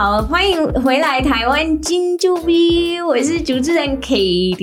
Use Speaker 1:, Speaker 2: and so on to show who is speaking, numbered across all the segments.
Speaker 1: 好，歡迎回來，台灣金珠 V，我是主持人 Katie,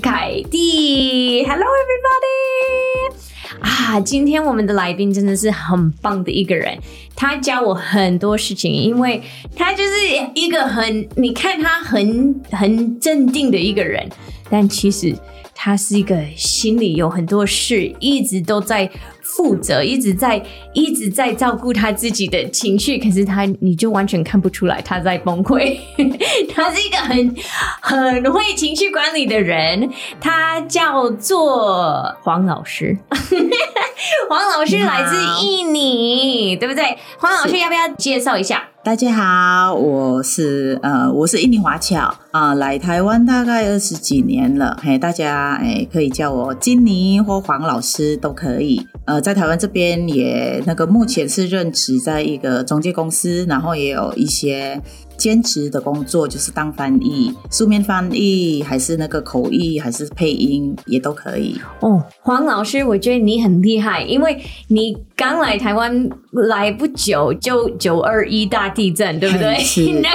Speaker 1: 凱蒂，凱蒂，Hello everybody 啊！今天我們的來賓真的是很棒的一個人，他教我很多事情，因為他就是一個很，你看他很很鎮定的一個人，但其實他是一個心裡有很多事，一直都在。負責，一直在一直在照顧他自己的情緒，可是他你就完全看不出來他在崩潰。 他是一個很很會情緒管理的人，他叫做黃老師。黃老師， 黃老師來自印尼，好對不對？黃老師是要不要介紹一下？
Speaker 2: 大家好，我是呃，我是印尼華僑啊、呃，來台灣大概二十幾年了。嘿，大家誒、欸，可以叫我金妮或黃老師都可以。呃，在台灣這邊也那個，目前是任職在一個中介公司，然後也有一些兼職的工作，就是當翻譯，書面翻譯還是那個口譯，還是配音也都可以。
Speaker 1: 哦，黃老師，我覺得你很厲害，因為你。剛來台灣來不久，就九二一大地震，對不對？是 那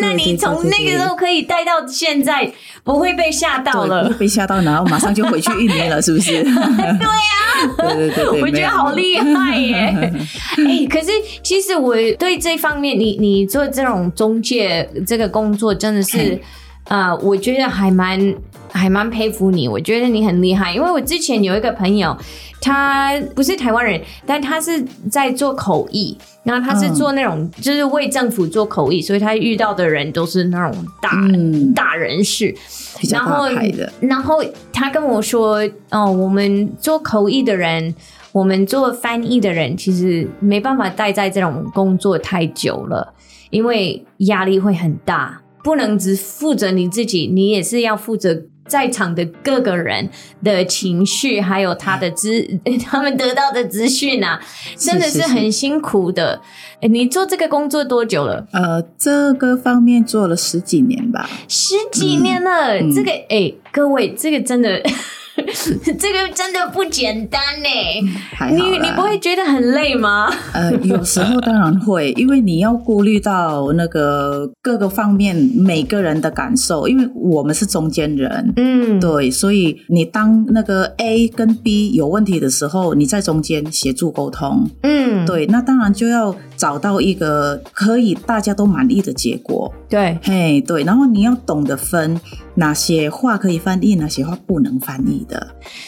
Speaker 1: 那你從那個時候可以帶到現在，對對對不會被嚇到了？不會被嚇到，然後馬上就回去印尼了，是不是？ 對呀，我覺得好厲害耶、 哎！可是其實我對這方面，你你做這種中介這個工作，真的是啊、嗯呃，我覺得還蠻，還蠻佩服你，我覺得你很厲害。因為我之前有一個朋友，他不是台灣人，但他是在做口譯，然後他是做那種、嗯、就是為政府做口譯，所以他遇到的人都是那種大、嗯、大人士，然後然後他跟我說：“哦、嗯，我們做口譯的人，我們做翻譯的人，其實沒辦法待在這種工作太久了，因為壓力會很大，不能只負責你自己，你也是要負責。”在場的各個人的情緒，還有他的資、嗯、他們得到的資訊啊，真的是很辛苦的。是是是、欸。你做這個工作多久了？
Speaker 2: 呃，這個方面做了十幾年吧，十幾年
Speaker 1: 了。嗯、這個哎、嗯欸，各位，這個真的。嗯 是這個真的不簡單呢，你你不會覺得很累嗎？嗯，呃，有
Speaker 2: 時候當然會，因為你要顧慮到那個各個方面每個人的感受，因為我們是中間人，嗯，對，所以你當那個 A 跟 B 有問題的時候，你在中間協助溝通，嗯，對，那當然就要。找到一個可以大家都滿意的結果，對，嘿，hey, 對，然後你要懂得分哪些話可以翻譯，哪些話不能翻譯的，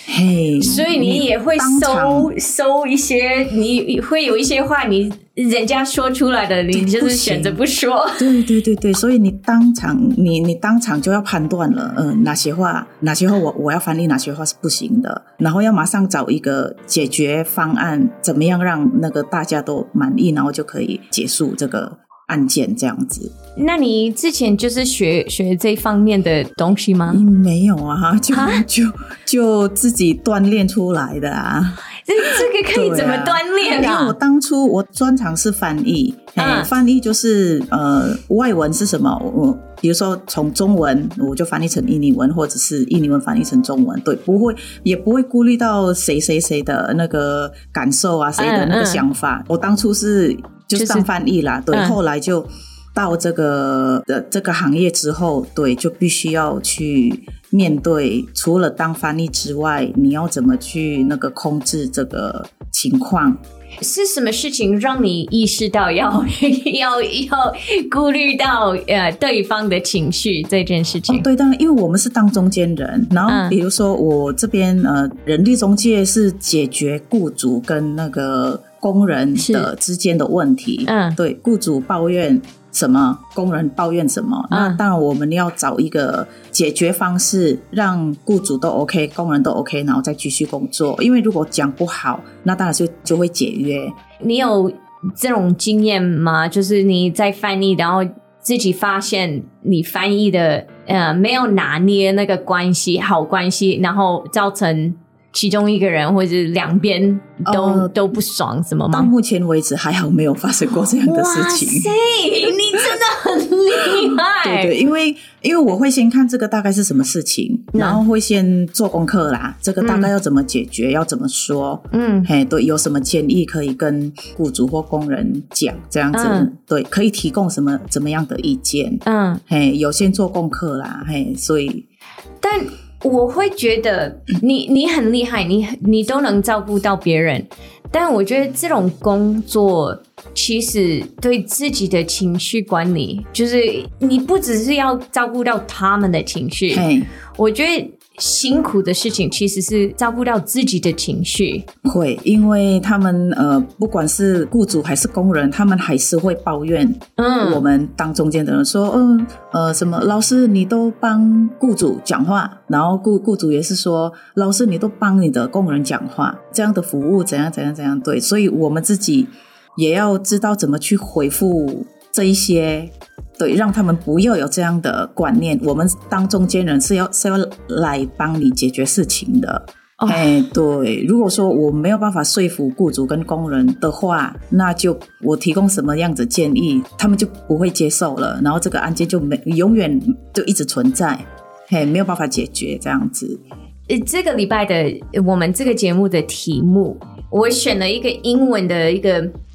Speaker 2: 嘿、hey，所以你也
Speaker 1: 會收收當場一些，你會有一些話你。人家說出來的，你就是選擇不說。
Speaker 2: 對，不對，對對對，所以你當場你你當場就要判斷了，嗯、呃，哪些話哪些話我我要翻譯，哪些話是不行的，然後要馬上找一個解決方案，怎麼樣讓那個大家都滿意，然後就可以結束這個案件這樣子。
Speaker 1: 那你之前就是學學這方面的東西嗎？沒有啊，就啊就就自己鍛煉出來的啊。這個可以怎麼鍛鍊、啊啊？因為我
Speaker 2: 當初我專長是翻譯、嗯哎，翻譯就是呃，外文是什麼？我、嗯、比如說從中文，我就翻譯成印尼文，或者是印尼文翻譯成中文，對，不會也不會顧慮到誰誰誰的那個感受啊，嗯、誰的那個想法。我當初是就上翻譯啦，就是、對，後來就。嗯到這個的、呃、這個行業之後，對，就必須要去面對。除了當翻譯之外，你要怎麼去那個控制這個
Speaker 1: 情況？是什麼事情讓你意識到要、哦、要要顧慮到呃對方的情緒這件事情？哦、對，當然，因為我們是
Speaker 2: 當中間人，然後比如說我這邊呃，人力中介是解決僱主跟那個工人的是之間的問題。嗯，對，僱主抱怨。什麼工人抱怨什麼，啊、那當然我們要找一個解決方式，讓雇主都 OK，工人都 OK，然後再繼續工作。因為如果講不好，那當然就就會解約。
Speaker 1: 你有這種經驗嗎？就是你在翻譯，然後自己發現你翻譯的呃沒有拿捏那個關係，好關係，然後造成。其中一個人或是兩邊都、uh, 都不爽，什麼嗎？到
Speaker 2: 目前為止還好沒有發生過這樣的事情。
Speaker 1: 哇塞，你真的很厲害！ 對對，
Speaker 2: 因為因為我會先看這個大概是什麼事情，那然後會先做功課啦。這個大概要怎麼解決？嗯、要怎麼說？嗯，嘿，對，有什麼建議可以跟雇主或工人講？這樣子，嗯、對，可以提供什麼怎麼樣的意見？嗯，嘿，有先做功課啦，嘿，所以，
Speaker 1: 但。我會覺得你你很厲害，你你都能照顧到別人，但我覺得這種工作其實對自己的情緒管理，就是你不只是要照顧到他們的情緒，嗯、我覺得。辛苦的事情其實是照顧到自己的情緒，
Speaker 2: 會，因為他們呃，不管是雇主還是工人，他們還是會抱怨。嗯，我們當中間的人說，嗯，呃，什麼老師你都幫雇主講話，然後雇雇主也是說，老師你都幫你的工人講話，這樣的服務怎樣怎樣怎樣對，所以我們自己也要知道怎麼去回復這一些。對，讓他們不要有這樣的觀念。我們當中間人是要是要來幫你解決事情的。哎，oh，對。如果說我沒有辦法說服雇主跟工人的話，那就我提供什麼樣子建議，他們就不會接受了。然後這個案件就沒永遠就一直存在，
Speaker 1: 哎，沒有辦法解決這樣子。呃，這個禮拜的我們這個節目的題目，我選了一個英文的一個。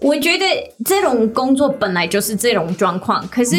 Speaker 1: 我覺得這種工作本來就是這種狀況，可是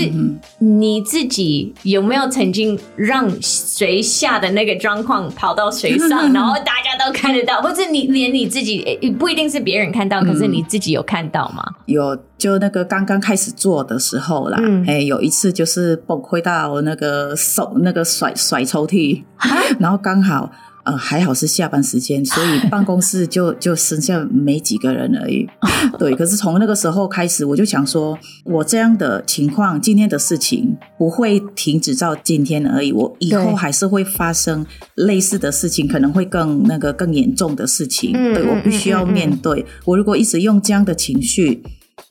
Speaker 1: 你自己有沒有曾經讓水下的那個狀況跑到水上，然後大家都看得到， 或者你連你自己也不一定是別人看到，可是你自己有看到嗎？
Speaker 2: 有，就那個剛剛開始做的時候啦，嗯欸、有一次就是崩潰到那個手那個甩甩抽屜，蛤然後剛好。呃，還好是下班時間，所以辦公室就就剩下沒幾個人而已。 對，可是從那個時候開始，我就想說，我這樣的情況，今天的事情不會停止到今天而已，我以後還是會發生類似的事情，可能會更那個更嚴重的事情。 對，我必須要面對，我如果一直用這樣的情緒。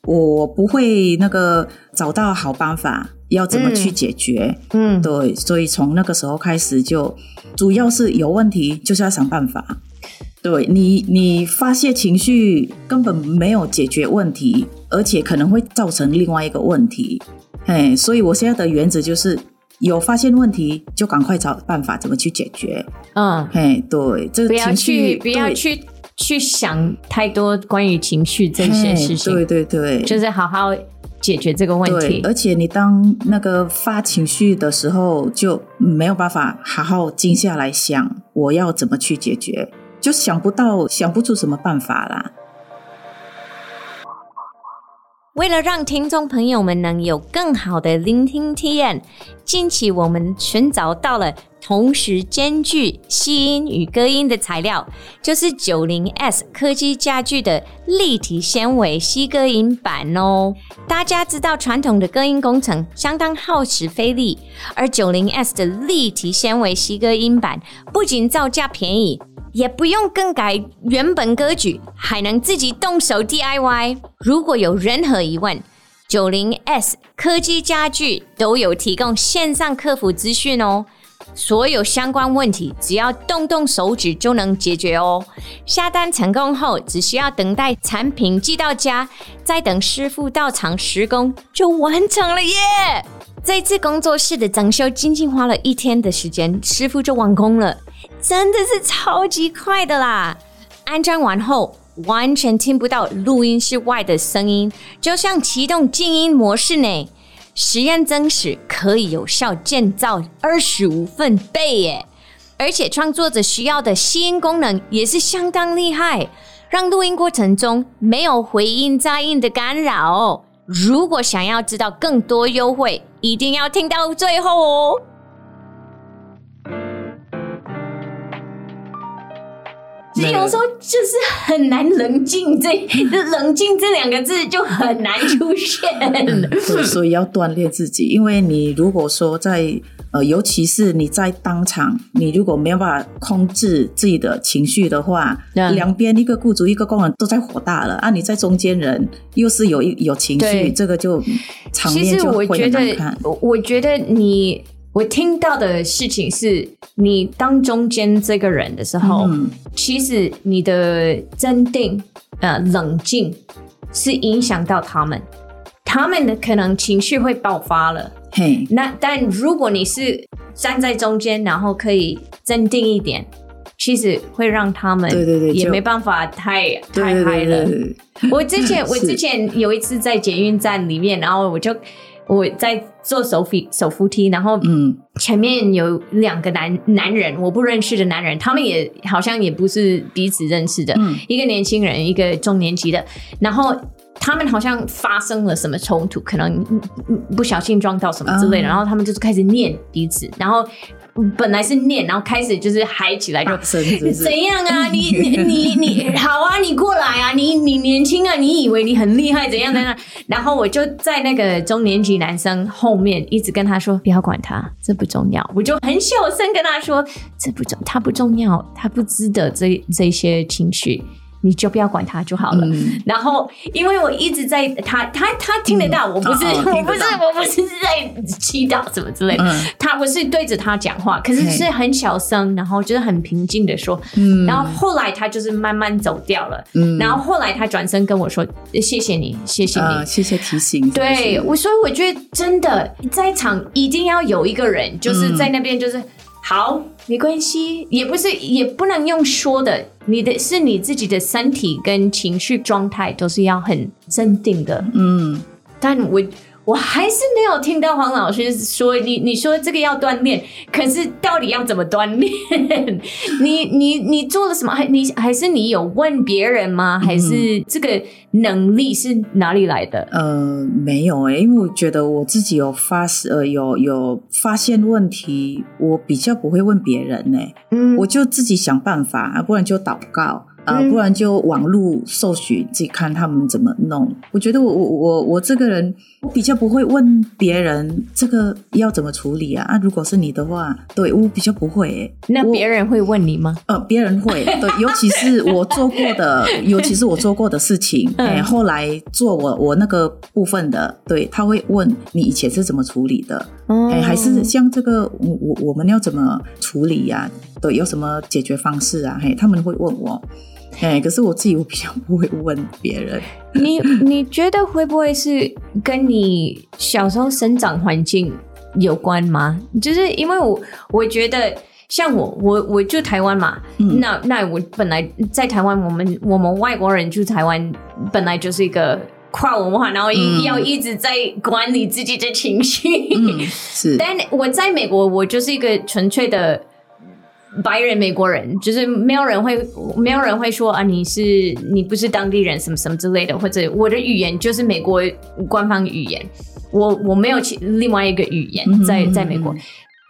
Speaker 2: 我不會那個找到好辦法，要怎麼去解決？嗯，對，所以從那個時候開始就，主要是有問題就是要想辦法。對，你，你發洩情緒根本沒有解決問題，而且可能會造成另外一個問題。嘿，所以我現在的原則就是，有發現問題就趕快找辦法怎麼去解決。嗯，嘿，對，這情緒不要去，不要去。
Speaker 1: 去想太多關於情緒這些事情，對對對，就是好好解決這個問題。對，而且你
Speaker 2: 當那個發情緒的時候，就沒有辦法好好靜下來想我要怎麼去解決，就想不到，想不出什麼辦法啦。
Speaker 1: 為了讓聽眾朋友們能有更好的聆聽體驗。近期我們尋找到了同時兼具吸音與隔音的材料，就是 90s 科技家具的立體纖維吸隔音板哦。大家知道傳統的隔音工程相當耗時費力，而 90s 的立體纖維吸隔音板不僅造價便宜，也不用更改原本格局，還能自己動手 DIY。如果有任何疑問，九零 S 科技家具都有提供線上客服資訊哦，所有相關問題只要動動手指就能解決哦。下單成功後，只需要等待產品寄到家，再等師傅到場施工就完成了耶！這次工作室的整修僅僅花了一天的時間，師傅就完工了，真的是超級快的啦！安裝完後，完全聽不到錄音室外的聲音，就像啟動靜音模式呢。實驗證實可以有效降噪二十五分貝耶，而且創作者需要的吸音功能也是相當厲害，讓錄音過程中沒有回音、雜音的干擾哦。如果想要知道更多優惠，一定要聽到最後哦。對對對，有時候就是很難冷靜，這“冷靜”這兩個字就很難出現、 嗯。所
Speaker 2: 以要鍛鍊自己，因為你如果說在呃，尤其是你在當場，你如果沒有辦法控制自己的情緒的話，啊、兩邊一個雇主一個工人都在火大了
Speaker 1: 啊，你在中間人又是有一有情緒，對這個就
Speaker 2: 場面就會難看。其實我覺得我，
Speaker 1: 我覺得你。我聽到的事情是，你當中間這個人的時候，嗯、其實你的鎮定、呃冷靜，是影響到他們，他們的可能情緒會爆發了。嘿，那但如果你是站在中間，然後可以鎮定一點，其實會讓他們也沒辦法太對對對太嗨了。對對對對對我之前 是我之前有一次在捷運站裡面，然後我就。我在做手扶手扶梯，然後嗯，前面有兩個男男人，我不認識的男人，他們也好像也不是彼此認識的，嗯，一個年輕人，一個中年級的，然後。他們好像發生了什麼衝突，可能不小心撞到什麼之類的，嗯、然後他們就開始念彼此，然後本來是念，然後開始就是嗨起來就，就是、怎樣啊？ 你你你你好啊，你過來啊，你你年輕啊，你以為你很厲害，怎樣怎、啊、樣？嗯、然後我就在那個中年級男生後面一直跟他說：“不要管他，這不重要。”我就很小聲跟他說：“這不重，他不重要，他不值得這這些情緒。”你就不要管他就好了。然後，因為我一直在他，他，他聽得到。我不是，我不是，我不是在祈禱什麼之類的。他我是對着他講話，可是是很小聲，然後就是很平靜的說。然後後來他就是慢慢走掉了。然後後來他轉身跟我說：“謝謝你，謝謝你，謝謝提醒。”對我，所以我覺得真的在場一定要有一個人，就是在那邊就是好。沒關係，也不是也不能用說的，你的是你自己的身體跟情緒狀態都是要很鎮定的，嗯，但我。我還是沒有聽到黃老師說你，你說這個要鍛鍊，可是到底要怎麼鍛鍊？ 你你你做了什麼？你還是你有問別人嗎？嗯、還是這個能力是哪裡來的？呃，
Speaker 2: 沒有哎、欸，因為我覺得我自己有發呃有有發現問題，我比較不會問別人呢、欸。嗯，我就自己想辦法，啊、不然就禱告啊，不然就網絡搜尋自己看他們怎麼弄。我覺得我我我我這個人。我比較不會問別人這個要怎麼處理啊？那、啊、如果是你的話，對，我比較不會、欸。那別人會問你嗎？呃，別人會，對，尤其是我做過的， 尤其是我做過的事情，哎、 欸，後來做我我那個部分的，對，他會問你以前是怎麼處理的，哎、oh. 欸，還是像這個我我我們要怎麼處理呀、啊？對，有什麼解決方式啊？嘿、欸，他們會問我。哎、欸，可是我自己我比較不會問別
Speaker 1: 人。你你覺得會不會是跟你小時候生長環境有關嗎？就是因為我我覺得，像我我我住台灣嘛，嗯、那那我本來在台灣，我們我們外國人住台灣，本來就是一個跨文化，然後一定要一直在管理自己的情緒、嗯嗯。是，但我在美國，我就是一個純粹的。白人美國人，就是沒有人會，沒有人會說啊，你是你不是當地人，什麼什麼之類的，或者我的語言就是美國官方語言，我我沒有其、嗯、另外一個語言在在美國。嗯、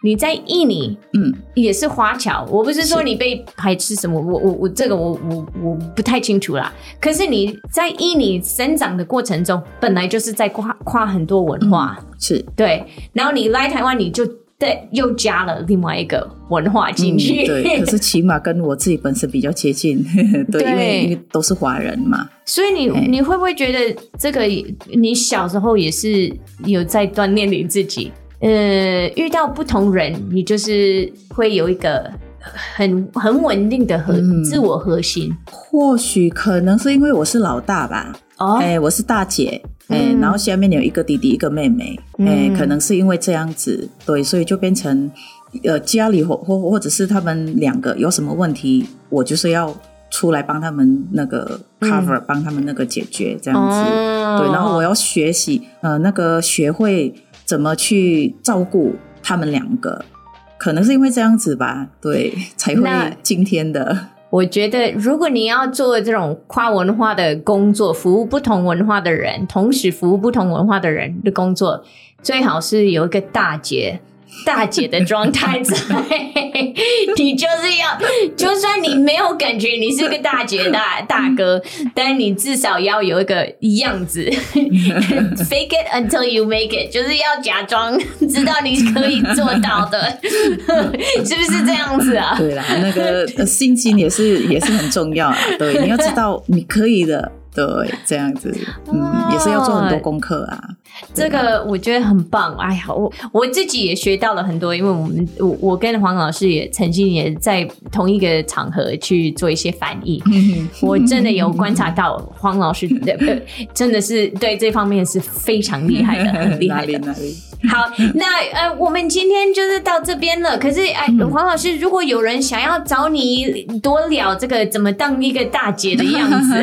Speaker 1: 你在印尼，嗯，也是華僑，我不是說你被排斥什麼，我我我這個我我、嗯、我不太清楚啦。可是你在印尼生長的過程中，本來就是在跨跨很多文化，嗯、是對，然後你來台灣，你就。對，又加了另外一個文化進去、嗯。對，可是
Speaker 2: 起碼跟我自己本身比較接近。 對，對因，因為都是華人嘛。
Speaker 1: 所以你、嗯、你會不會覺得這個？你小時候也是有在鍛鍊你自己。呃，遇到不同人，你就是會有一個很很穩定的核、嗯、自我核心。或許可能是因為我是老大
Speaker 2: 吧。哎、欸，我是大姐，哎、欸，嗯、然後下面有一個弟弟，一個妹妹，哎、欸，可能是因為這樣子，嗯、對，所以就變成，呃，家裡或或或者是他們兩個有什麼問題，我就是要出來幫他們那個 cover，嗯，幫他們那個解決這樣子，嗯、對，然後我要學習，呃，那個學會怎麼去照顧他們兩個，可能是因為這樣子吧，對，才會
Speaker 1: 今天的。我覺得，如果你要做這種跨文化的工作，服務不同文化的人，同時服務不同文化的人的工作，最好是有一個大絕。大姐的狀態在， 你就是要，就算你沒有感覺，你是個大姐大大哥，但你至少要有一個樣子。 Fake it until you make it，就是要假裝知道你可以做到的， 是不是這樣子啊？對啦，那
Speaker 2: 個心情也是也是很重要啊，對，你要知道你可以的。對，這樣子，嗯，啊、也是要做很多功課啊。
Speaker 1: 這個我覺得很棒。哎呀，我我自己也學到了很多，因為我們我我跟黃老師也曾經也在同一個場合去做一些反應。嗯、哼我真的有觀察到黃老師的， 呃、真的是對這方面是非常厲害的，很厲害的。哪裡哪裡。 好，那呃，我們今天就是到這邊了。可是哎、呃，黃老師，如果有人想要找你多聊這個怎麼當一個大姐的樣子，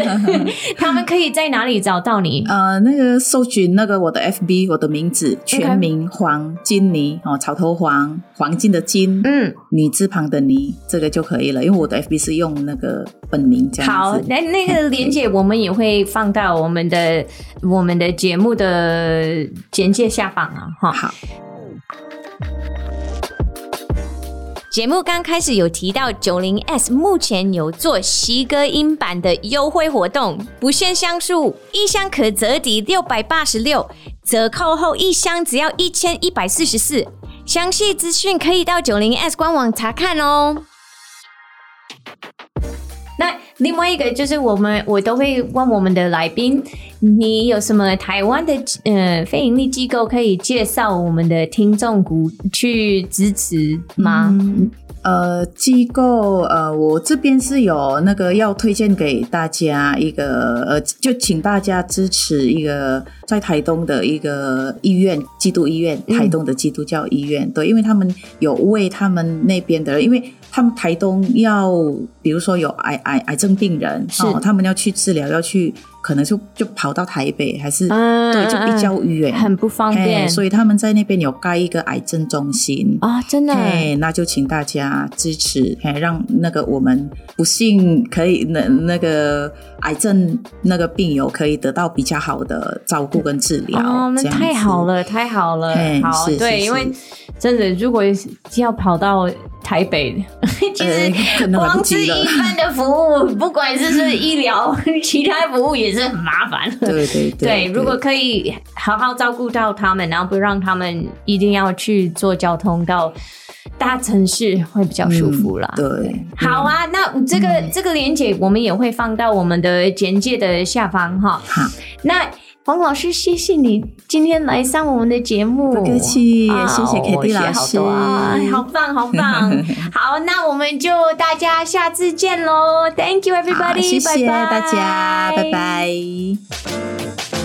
Speaker 1: 他們可以
Speaker 2: 在哪裡找到你？呃，那個搜尋那個我的 FB，我的名字 Okay. 全名黃金妮哦，草頭黃，黃金的金，嗯，女字旁的妮，這個就可以了。因為我的 FB 是用那個本名這樣子。好，來那個鏈
Speaker 1: 接我們也會放到我們的 我們的節目的簡介下方啊、哦。哦、好，節目剛開始有提到九零 S 目前有做吸隔音板的優惠活動，不限箱數，一箱可折抵六百八十六，折扣後一箱只要一千一百四十四，詳細資訊可以到九零 S 官網查看哦。那另外一個就是我們，我都會問我們的來賓。你有什麼台灣的呃非營利機構可以介紹我們的聽眾股去支持嗎？嗯、呃，機構
Speaker 2: 呃，我這邊是有那個要推薦給大家一個呃，就請大家支持一個在台東的一個醫院，基督醫院，台東的基督教醫院。嗯、對，因為他們有為他們那邊的，因為他們台東要，比如說有癌癌癌症病人，哦、是他們要去治療，要去。可能就就跑到台北，還是、嗯、對，就比較遠，嗯嗯、很不方便。所以他們在那邊有蓋一個癌症中心啊、哦，真的。哎，那就請大家支持，哎，讓那個我們不幸可以能那，那個癌症那個病友可以得到比較好的照顧跟治療。哦，那太好
Speaker 1: 了，太好了，是對，因為。真的，如果要跑到台北，欸、其實光是一般的服務，不，不管是不是醫療， 其他服務也是很麻煩。對對對，對，如果可以好好照顧到他們，然後不讓他們一定要去坐交通到大城市，會比較舒服啦。嗯、
Speaker 2: 對，
Speaker 1: 好啊，那這個、嗯、這個連結我們也會放到我們的簡介的下方哈。嗯、那。黃老師，謝謝你今天來上我們的節目。不客氣，謝謝凱蒂老師。哦，好，哎、好棒，好棒。 好，那我們就大家下次見嘍。Thank you, everybody。好，謝謝大家，拜拜。拜拜。